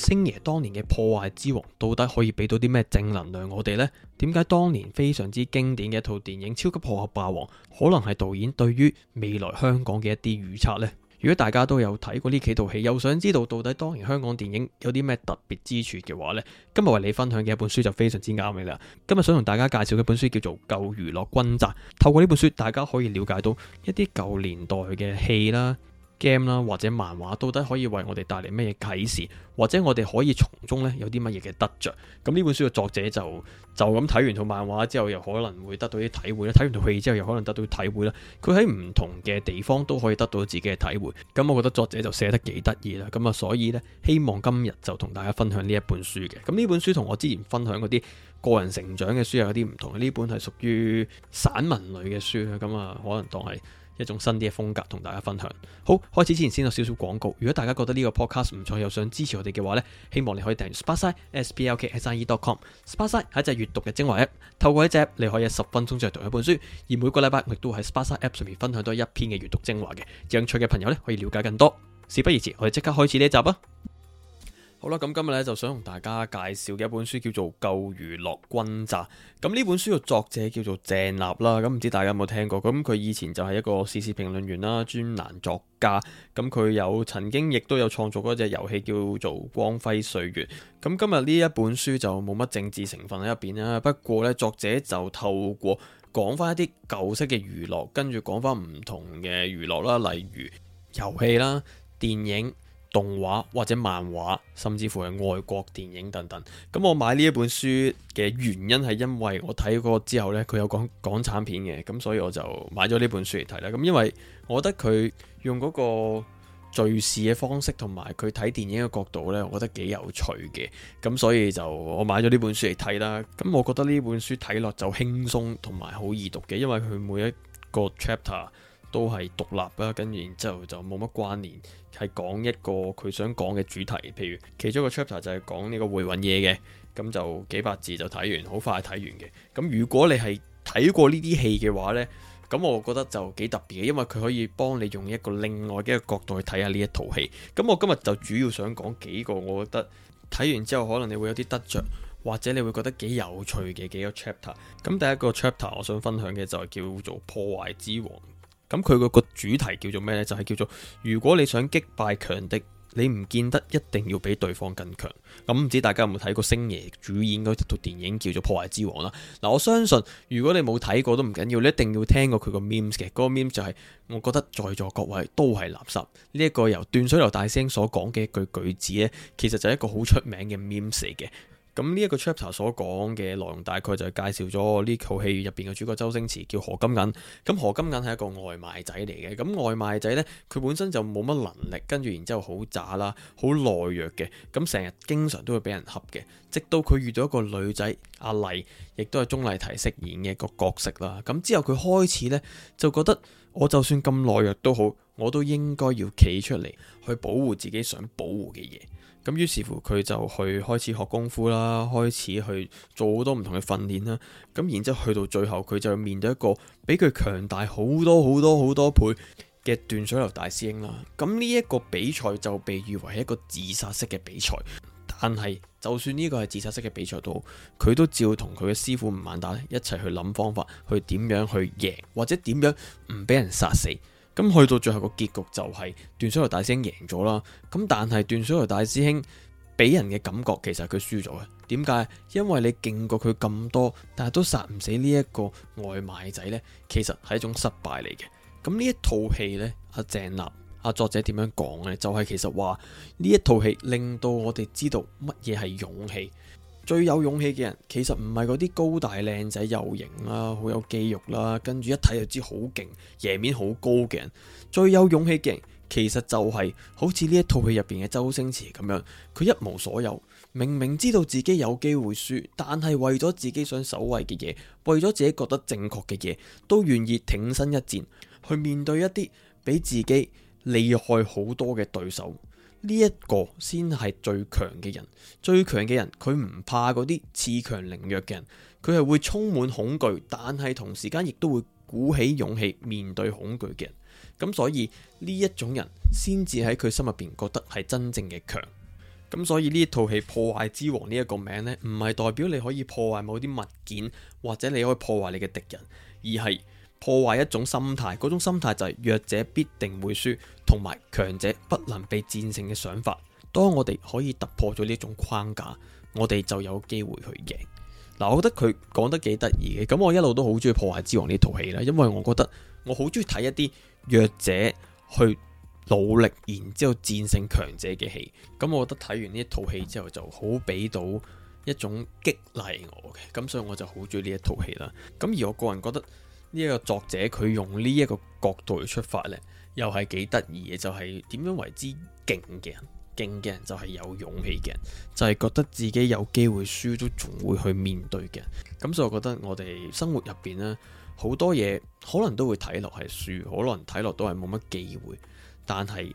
星爺當年嘅破壞之王到底可以俾到啲咩正能量我哋呢？點解當年非常之經典嘅一套電影《超級破壞霸王》可能係導演對於未來香港嘅一啲預測呢？如果大家都有睇過呢幾套戲，又想知道到底當年香港電影有啲咩特別之處嘅話呢，今日為你分享嘅一本書就非常之啱你啦。今日想同大家介紹嘅一本書叫做《舊娛樂軍雜》，透過呢本書，大家可以了解到一啲舊年代嘅戲啦。game 啦或者漫畫到底可以為我哋帶嚟乜嘢啟示，或者我哋可以從中呢有啲乜嘢嘅得着。咁呢本書嘅作者就就咁睇完套漫畫之後，又可能會得到啲體會啦；睇完套戲之後，又可能得到體會啦。佢喺唔同嘅地方都可以得到自己嘅體會。咁我覺得作者就寫得幾得意啦。咁啊，所以呢，希望今日就同大家分享呢一本書嘅。咁呢本書同我之前分享嗰啲個人成長嘅書有啲唔同。呢本係屬於散文類嘅書啊。咁啊，可能當係。一種新啲嘅風格同大家分享。好，開始之前先有少少廣告。如果大家覺得呢個 podcast 唔錯，又想支持我哋嘅話咧，希望你可以訂閱 Sparksine s p l k s i e dot com。Sparksine 係一隻閱讀嘅精華 App，透過一隻你可以十分鐘就讀一本書。而每個禮拜我亦都喺 Sparksine App 上面分享多一篇嘅閱讀精華嘅。有興趣嘅朋友咧可以了解更多。事不宜遲，我哋即刻開始呢集啊！好啦，咁今日咧就想同大家介紹嘅一本書叫做《舊娛樂轟炸》。咁呢本書嘅作者叫做鄭立啦。咁唔知大家有冇聽過？咁佢以前就係一個時事評論員啦，專欄作家。咁佢有曾經亦都有創作過一隻遊戲叫做《光輝歲月》。咁今日呢一本書就冇乜政治成分喺入邊啦。不過呢，作者就透過講翻一啲舊式嘅娛樂，跟住講翻唔同嘅娛樂啦，例如遊戲啦、電影。動畫或者漫畫，甚至乎係外國電影等等。咁我買呢一本書嘅原因係因為我睇過之後呢，佢有講港產片嘅，咁所以我就買咗呢本書嚟睇啦。咁因為我覺得佢用嗰個敍事嘅方式同埋佢睇電影嘅角度呢，我覺得幾有趣嘅，咁所以就我買咗呢本書嚟睇啦。咁我覺得呢本書睇落就輕鬆同埋好易讀嘅，因為佢每一個 chapter，都係獨立啦，跟住然之後就冇乜關聯，係講一個佢想講嘅主題。譬如其中一個 chapter 就係講呢個會揾嘢嘅，咁就幾百字就睇完，好快睇完嘅。咁如果你係睇過呢啲戲嘅話呢，咁我覺得就幾特別嘅，因為佢可以幫你用一個另外嘅角度去睇下呢一套戲。咁我今日就主要想講幾個，我覺得睇完之後可能你會有啲得着，或者你會覺得幾有趣嘅幾個 chapter。咁第一個 chapter 我想分享嘅就係叫做《破壞之王》。咁佢嗰個主題叫做咩呢？就係叫做如果你想擊敗強敵，你唔見得一定要比對方更強。咁唔知大家有冇睇過星爺主演嗰套電影叫做《破壞之王》啦？嗱，我相信如果你冇睇過都唔緊要，你一定要聽過佢個 memes 嘅。嗰個 memes 就係我覺得在座各位都係垃圾。呢一個由斷水流大聲所講嘅一句句子呢，其實就係一個好出名嘅 memes 嚟嘅。咁呢一個 chapter 所講嘅內容，大概就係介紹咗呢套戲入邊嘅主角周星馳叫何金銀。咁何金銀係一個外賣仔嚟嘅。咁外賣仔呢，佢本身就冇乜能力，跟住然之後好渣啦，好懦弱嘅。咁成日經常都會俾人恰嘅。直到佢遇到一個女仔阿麗，亦都係鍾麗緹飾演嘅一個角色啦。咁之後佢開始呢，就覺得，我就算咁懦弱都好，我都應該要企出嚟去保護自己想保護嘅嘢。咁於是乎佢就去開始學功夫啦，開始去做好多唔同嘅訓練啦。咁然之後去到最後，佢就面對一個比佢強大好多好多好多倍嘅斷水流大師兄啦。咁呢一個比賽就被譽為一個自殺式嘅比賽。但係就算呢個係自殺式嘅比賽都好，佢都照同佢嘅師傅吳孟達一齊去諗方法，去點樣去贏，或者點樣唔俾人殺死。咁去到最後個結局就係段小樓大師兄贏咗啦，咁但係段小樓大師兄俾人嘅感覺其實佢輸咗嘅，點解？因為你勁過佢咁多，但係都殺唔死呢一個外賣仔呢，其實係一種失敗嚟嘅。咁呢一套戲呢，阿、啊、鄭立，阿、啊、作者點樣講呢？就係、是、其實話呢一套戲令到我哋知道乜嘢係勇氣。最有勇氣嘅人，其實唔係嗰啲高大靚仔又型啦，好有肌肉啦，跟住一睇，就知好勁，贏面好高嘅人。最有勇氣嘅人，其實就係好似呢一套戲入邊嘅周星馳咁樣，佢一無所有，明明知道自己有機會輸，但係為咗自己想守衛嘅嘢，為咗自己覺得正確嘅嘢，都願意挺身一戰，去面對一啲比自己厲害好多嘅對手。呢一個先係最強嘅人，最強嘅人佢唔怕嗰啲恃強凌弱嘅人，佢係會充滿恐懼，但係同時間亦都會鼓起勇氣面對恐懼嘅人。咁所以呢一種人先至喺佢心入邊覺得係真正嘅強。咁所以呢一套戲《破壞之王》呢一個名呢，唔係代表你可以破壞某啲物件，或者你可以破壞你嘅敵人，而係，破壞一種心態，嗰種心態就係弱者必定會輸，同埋強者不能被戰勝嘅想法。當我哋可以突破咗呢種框架，我哋就有機會去贏。嗱、啊，我覺得佢講得幾得意嘅，咁我一路都好中意破壞之王呢套戲啦，因為我覺得我好中意睇一啲弱者去努力，然之後戰勝強者嘅戲。咁我覺得睇完呢一套戲之後，就好俾到一種激勵我嘅，咁所以我就好中意呢一套戲啦。咁而我個人覺得。呢一個作者佢用呢一個角度去出發呢又係幾得意嘅，就係點樣為之勁嘅人？勁嘅人就係有勇氣嘅人，就係覺得自己有機會輸都仲會去面對嘅。咁所以，我覺得我哋生活入邊呢，好多嘢可能都會睇落係輸，可能睇落都係冇乜機會，但係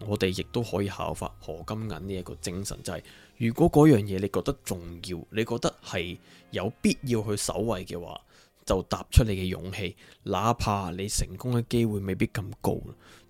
我哋亦都可以效法何金銀呢一個精神，就係如果嗰樣嘢你覺得重要，你覺得係有必要去守衞嘅話，就踏出你嘅勇氣，哪怕你成功嘅機會未必咁高，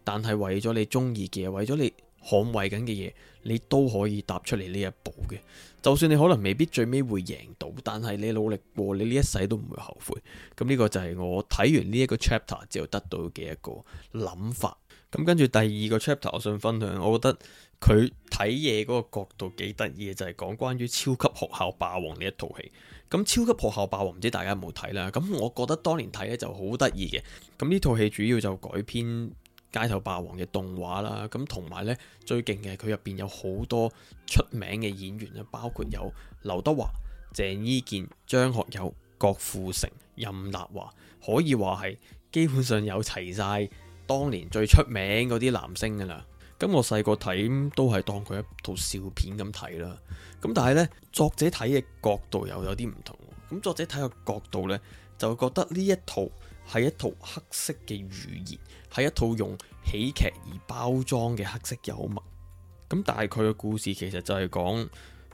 但係為咗你中意嘅嘢，為咗你捍衛緊嘅嘢，你都可以踏出嚟呢一步嘅。就算你可能未必最尾會贏到，但係你努力過，你呢一世都唔會後悔。咁呢個就係我睇完呢一個 chapter 之後得到嘅一個諗法。咁跟住第二個 chapter，我想分享，我覺得佢睇嘢嗰個角度幾得意嘅，就係講關於超級學校霸王呢一套戲。咁超級學校霸王唔知大家有冇睇啦？咁我覺得當年睇咧就好得意嘅。咁呢套戲主要就改編街頭霸王嘅動畫啦。咁同埋呢，最勁嘅，佢入邊有好多出名嘅演員啊，包括有劉德華、鄭伊健、張學友、郭富城、任達華，可以話係基本上有齊晒當年最出名嗰啲男星噶啦。咁我細個睇都係當佢一套笑片咁睇啦。咁但係呢，作者睇嘅角度又有啲唔同。咁作者睇嘅角度呢，就會覺得呢一套係一套黑色嘅語言，係一套用喜劇而包裝嘅黑色幽默。咁但係佢嘅故事其實就係講。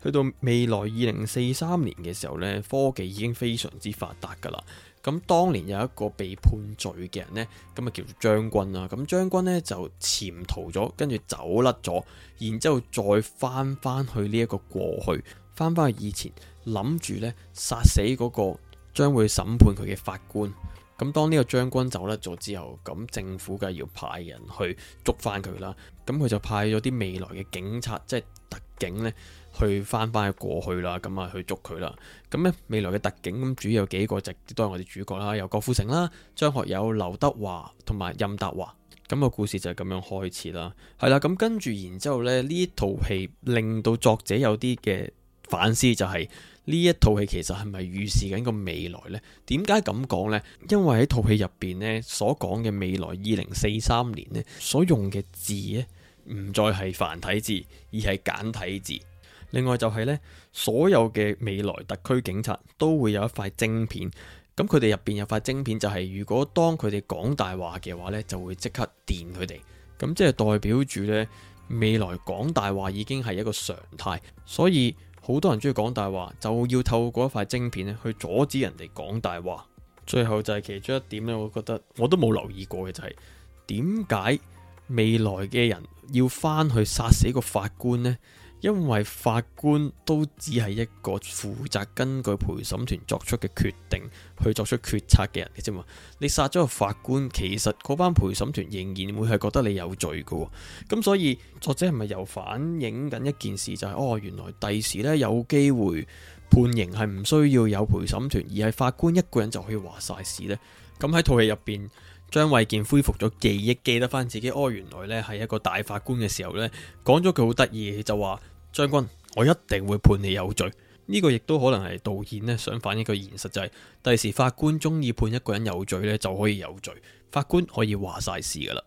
去到未來二零四三年嘅時候呢，科技已經非常之發達噶啦。咁當年有一個被判罪嘅人呢，咁啊叫做將軍啦。咁將軍呢就潛逃咗，跟住走甩咗，然之後再翻翻去呢一個過去，翻翻去以前，諗住呢殺死嗰個將會審判佢嘅法官。咁當呢個將軍走甩咗之後，咁政府梗係要派人去捉翻佢啦。咁佢就派咗啲未來嘅警察，即係特警呢。去返返去過去啦，咁啊去捉佢啦。咁呢未來嘅特警咁，主要有幾個，就都係我哋主角啦，有郭富城啦、張學友、劉德華同埋任達華。咁、那個故事就係咁樣開始啦。係啦，咁跟住然之後呢，呢一套戲令到作者有啲嘅反思、就是，就係呢一套戲其實係咪預示緊個未來呢？點解咁講呢？因為喺套戲入邊呢，所講嘅未來二零四三年呢，所用嘅字呢，唔再係繁體字，而係簡體字。另外就係呢，所有嘅未來特區警察都會有一塊晶片，咁佢哋入邊有塊晶片，就係如果當佢哋講大話嘅話呢，就會即刻電佢哋，咁即係代表住呢，未來講大話已經係一個常態，所以好多人中意講大話，就要透過一塊晶片呢去阻止人哋講大話。最後就係其中一點呢，我覺得我都冇留意過嘅就係，點解未來嘅人要翻去殺死個法官呢？因為法官都只係一個負責根據陪審團作出嘅決定去作出決策嘅人嘅啫嘛，你殺咗個法官，其實嗰班陪審團仍然會係覺得你有罪嘅，哦。咁所以作者係咪又反映緊一件事，就是就係哦，原來第時咧有機會判刑係唔需要有陪審團，而係法官一個人就可以話晒事呢。咁喺套戲入邊，張衛健恢復咗記憶，記得翻自己，哦，原來咧係一個大法官嘅時候咧，講咗佢好得意，就話，將軍，我一定會判你有罪。呢個亦都可能係導演咧想反映個現實，就係第時法官中意判一個人有罪咧就可以有罪，法官可以話晒事噶啦。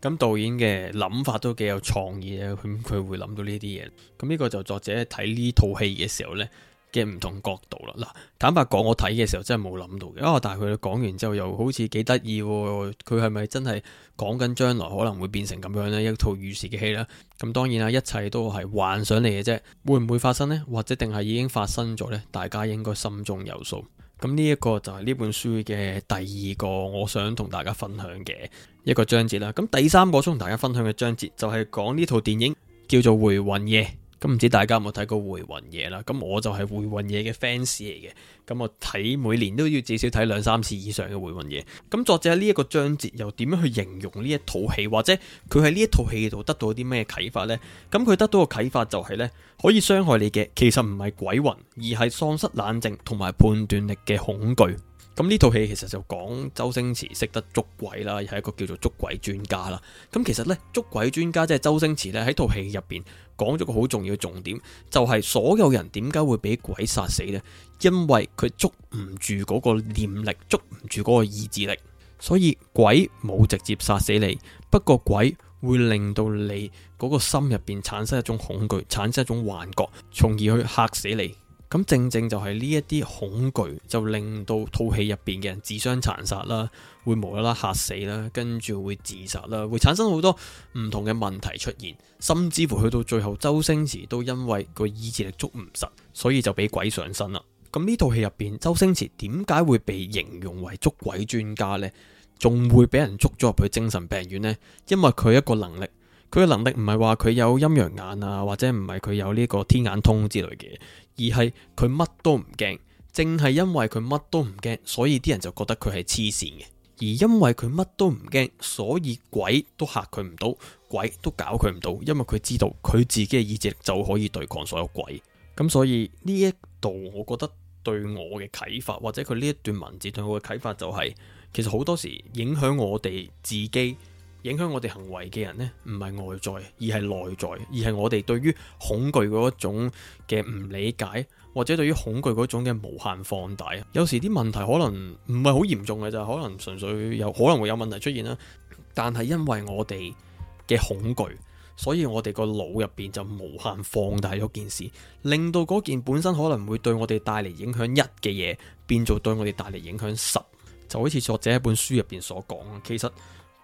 咁導演嘅諗法都幾有創意啊！佢會諗到呢啲嘢。咁呢個就作者睇呢套戲嘅時候呢。嘅唔同角度啦，嗱，坦白講，我睇嘅時候真係冇諗到嘅，啊、哦，但係佢講完之後，又好似幾得意，佢係咪真係講緊將來可能會變成咁樣呢一套預示嘅戲呢？咁、嗯、當然啦，一切都係幻想嚟嘅啫，會唔會發生呢？或者定係已經發生咗呢？大家應該心中有數。咁呢一個就係呢本書嘅第二個，我想同大家分享嘅一個章節啦。咁、嗯、第三個想同大家分享嘅章節就係講呢套電影叫做《回魂夜》。咁唔知大家有冇睇過回魂夜啦？咁我就係回魂夜嘅 fans 嚟嘅，咁我睇每年都要至少睇兩三次以上嘅回魂夜。咁作者喺呢一個章節又點樣去形容呢一套戲？或者佢喺呢一套戲度得到啲咩啟發呢？咁佢得到嘅啟發就係呢：可以傷害你嘅其實唔係鬼魂，而係喪失冷靜同埋判斷力嘅恐懼。咁呢套戲其實就講周星馳識得捉鬼啦，係一個叫做捉鬼專家啦。咁其實呢，捉鬼專家即係周星馳咧喺套戲入邊。講咗個好重要重點，就係所有人點解會俾鬼殺死呢？因為佢捉唔住嗰個念力，捉唔住嗰個意志力，所以鬼冇直接殺死你，不過鬼會令到你嗰個心入邊產生一種恐懼，產生一種幻覺，從而去嚇死你。咁正正就係呢一啲恐懼，就令到套戲入邊嘅人自相殘殺啦，會無啦啦吓死啦，跟住會自殺啦，會產生好多唔同嘅問題出現，甚至乎去到最後，周星馳都因為個意志力捉唔實，所以就俾鬼上身啦。咁呢套戲入邊，周星馳點解會被形容為捉鬼專家呢？仲會俾人捉咗入去精神病院呢？因為佢一個能力。佢嘅能力唔係話佢有陰陽眼啊，或者唔係佢有呢個天眼通之類嘅，而係佢乜都唔驚，正係因為佢乜都唔驚，所以啲人就覺得佢係黐線嘅。而因為佢乜都唔驚，所以鬼都嚇佢唔到，鬼都搞佢唔到，因為佢知道佢自己嘅意志力就可以對抗所有鬼。咁所以呢一度，我覺得對我嘅啟發，或者佢呢一段文字對我嘅啟發就係，其實好多時影響我哋自己。影響我哋行為嘅人呢，唔係外在，而係內在，而係我哋對於恐懼嗰一種嘅唔理解，或者對於恐懼嗰種嘅無限放大。有時啲問題可能唔係好嚴重嘅，就可能純粹有可能會有問題出現啦。但係因為我哋嘅恐懼，所以我哋個腦入邊就無限放大咗件事，令到嗰件本身可能會對我哋帶嚟影響一嘅嘢，變做對我哋帶嚟影響十。就好似作者喺一本書入邊所講啊，其實。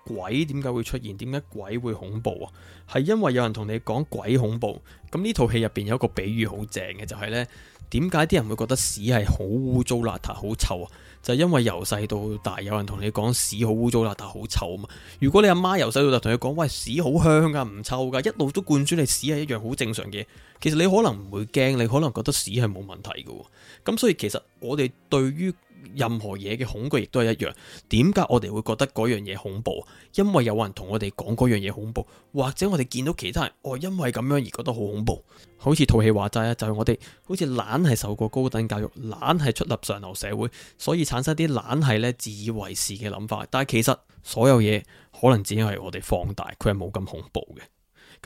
鬼點解會出現？點解鬼會恐怖啊？係因為有人同你講鬼恐怖。咁呢套戲入邊有一個比喻好正嘅，就係呢：點解啲人會覺得屎係好污糟邋遢、好臭啊？就係因為由細到大有人同你講屎好污糟邋遢、好臭啊嘛。如果你阿媽由細到大同你講喂屎好香噶，唔臭噶，一路都灌住你屎係一樣好正常嘅嘢。其實你可能唔會驚，你可能覺得屎係冇問題嘅。咁所以其實我哋對於任何嘢嘅恐懼亦都係一樣，點解我哋會覺得嗰樣嘢恐怖？因為有人同我哋講嗰樣嘢恐怖，或者我哋見到其他人，哦，因為咁樣而覺得好恐怖。好似套戲話齋啊，就係我哋好似懶係受過高等教育，懶係出納上流社會，所以產生啲懶係咧自以為是嘅諗法。但係其實所有嘢可能只係我哋放大，佢係冇咁恐怖嘅。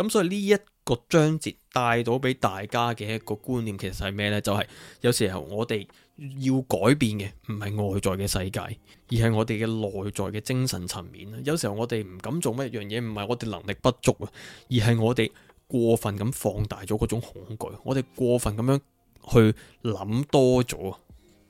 咁所以呢一個章節帶到俾大家嘅一個觀念，其實係咩呢？就係有時候我哋。要改變嘅唔係外在嘅世界，而係我哋嘅內在嘅精神層面啦。有時候我哋唔敢做乜一樣嘢，唔係我哋能力不足啊，而係我哋過分咁放大咗嗰種恐懼，我哋過分咁樣去諗多咗啊。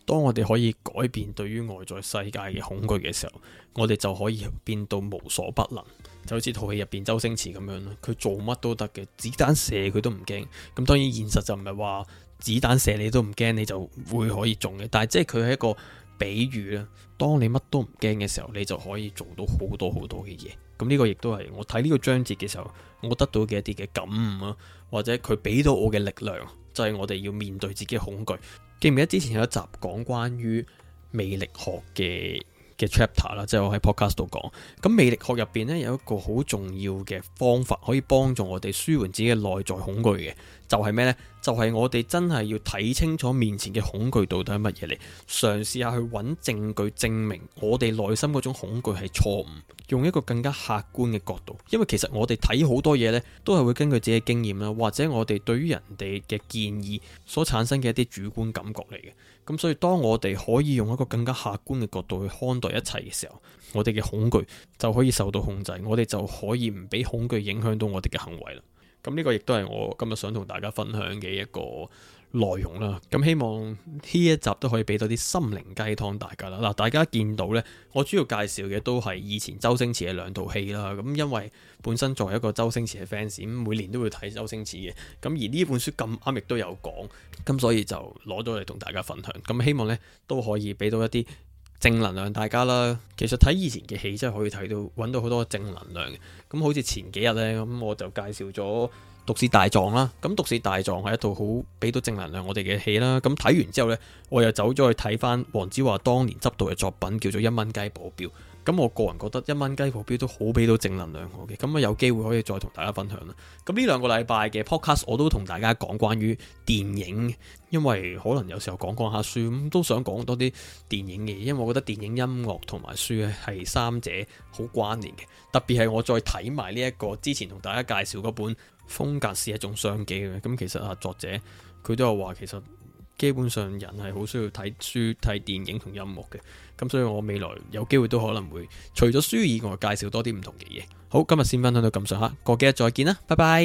當我哋可以改變對於外在世界嘅恐懼嘅時候，我哋就可以變到無所不能。就好似套戲入邊周星馳咁樣啦，佢做乜都得嘅，子彈射佢都唔驚。咁當然現實就唔係話。子彈射你都唔驚，你就會可以中嘅。但係即係佢係一個比喻啦。當你乜都唔驚嘅時候，你就可以做到好多好多嘅嘢。咁呢個亦都係我睇呢個章節嘅時候，我得到嘅一啲嘅感悟啊，或者佢俾到我嘅力量，就係我哋要面對自己嘅恐懼。記唔記得之前有一集講關於魅力學嘅嘅 chapter 啦？即係我喺 podcast 度講。咁魅力學入邊呢，有一個好重要嘅方法，可以幫助我哋舒緩自己嘅內在恐懼嘅。就係咩呢？就係我哋真係要睇清楚面前嘅恐懼到底係乜嘢嚟，嘗試下去揾證據證明我哋內心嗰種恐懼係錯誤，用一個更加客觀嘅角度。因為其實我哋睇好多嘢呢，都係會根據自己嘅經驗啦，或者我哋對於人哋嘅建議所產生嘅一啲主觀感覺嚟嘅。咁所以當我哋可以用一個更加客觀嘅角度去看待一切嘅時候，我哋嘅恐懼就可以受到控制，我哋就可以唔俾恐懼影響到我哋嘅行為啦。咁呢個亦都係我今日想同大家分享嘅一個內容啦。咁希望呢一集都可以俾到啲心靈雞湯大家啦。嗱，大家見到呢，我主要介紹嘅都係以前周星馳嘅兩套戲啦。咁因為本身作為一個周星馳嘅 fans，每年都會睇周星馳嘅。咁而呢本書咁啱亦都有講，咁所以就攞咗嚟同大家分享。咁希望呢都可以俾到一啲。正能量大家啦。其實睇以前嘅戲真係可以睇到揾到好多正能量嘅，咁、嗯、好似前幾日呢，咁我就介紹咗《毒舌大狀》啦，咁、嗯《毒舌大狀》係一套好俾到正能量我哋嘅戲啦，咁、嗯、睇完之後呢，我又走咗去睇返黃子華當年執導嘅作品叫做《一蚊雞保鏢》。咁我個人覺得一蚊雞報表都好俾到正能量我嘅，咁啊有機會可以再同大家分享啦。咁呢兩個禮拜嘅 podcast 我都同大家講關於電影，因為可能有時候講講下書，咁都想講多啲電影嘅，因為我覺得電影音樂同埋書係三者好關聯嘅。特別係我再睇埋呢一個之前同大家介紹嗰本《風格是一種相機嘅》，咁其實啊作者佢都有話其實。基本上人係好需要睇書、睇電影同音樂嘅，咁所以我未來有機會都可能會除咗書以外，介紹多啲唔同嘅嘢。好，今日先分享到咁上下，過幾日再見啦，拜拜。